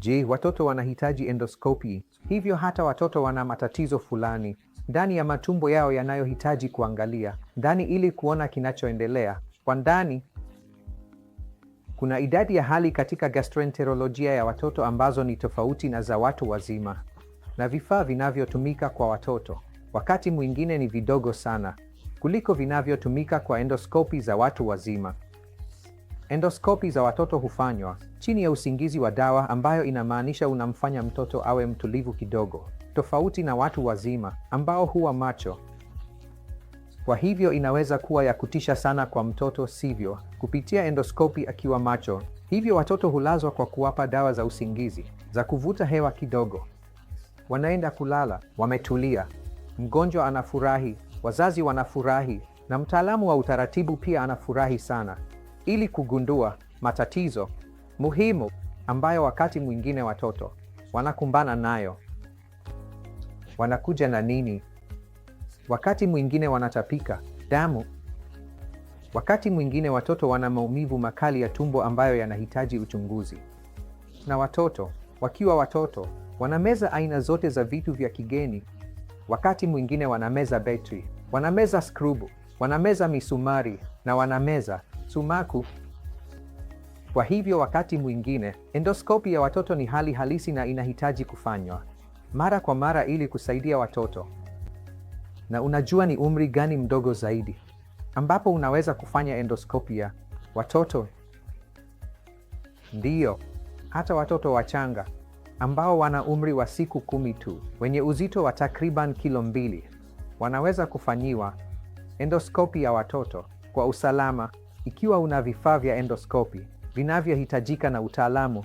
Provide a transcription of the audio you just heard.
Je, watoto wanahitaji endoskopi? Hivyo hata watoto wana matatizo fulani ndani ya matumbo yao yanayohitaji kuangalia ndani ili kuona kinachoendelea kwa ndani. Kuna idadi ya hali katika gastroenterolojia ya watoto ambazo ni tofauti na za watu wazima, na vifaa vinavyotumika kwa watoto wakati mwingine ni vidogo sana kuliko vinavyotumika kwa endoskopi za watu wazima. Endoskopi za watoto hufanywa chini ya usingizi wa dawa, ambayo inamaanisha unamfanya mtoto awe mtulivu kidogo, tofauti na watu wazima ambao huwa macho. Kwa hivyo inaweza kuwa ya kutisha sana kwa mtoto, sivyo? Kupitia endoskopi akiwa macho. Hivyo watoto hulazwa kwa kuwapa dawa za usingizi za kuvuta hewa kidogo. Wanaenda kulala wametulia, mgonjwa anafurahi, wazazi wanafurahi, na mtaalamu wa utaratibu pia anafurahi sana ili kugundua matatizo muhimu ambayo wakati mwingine watoto wanakumbana nayo. Wanakuja na nini? Wakati mwingine wanatapika damu, wakati mwingine watoto wana maumivu makali ya tumbo ambayo yanahitaji uchunguzi. Na watoto wakiwa watoto wanameza aina zote za vitu vya kigeni. Wakati mwingine wanameza betri, wanameza skrubu, wanameza misumari na wanameza sumaku. Kwa hivyo wakati mwingine endoskopi ya watoto ni hali halisi na inahitaji kufanywa mara kwa mara ili kusaidia watoto. Na unajua ni umri gani mdogo zaidi ambapo unaweza kufanya endoskopi ya watoto? Ndiyo, hata watoto wachanga ambao wana umri wa siku kumi tu, wenye uzito wa takriban kilo mbili, wanaweza kufanyiwa endoskopi ya watoto kwa usalama. Ikiwa una vifaa vya endoskopi vinavyohitajika na utaalamu,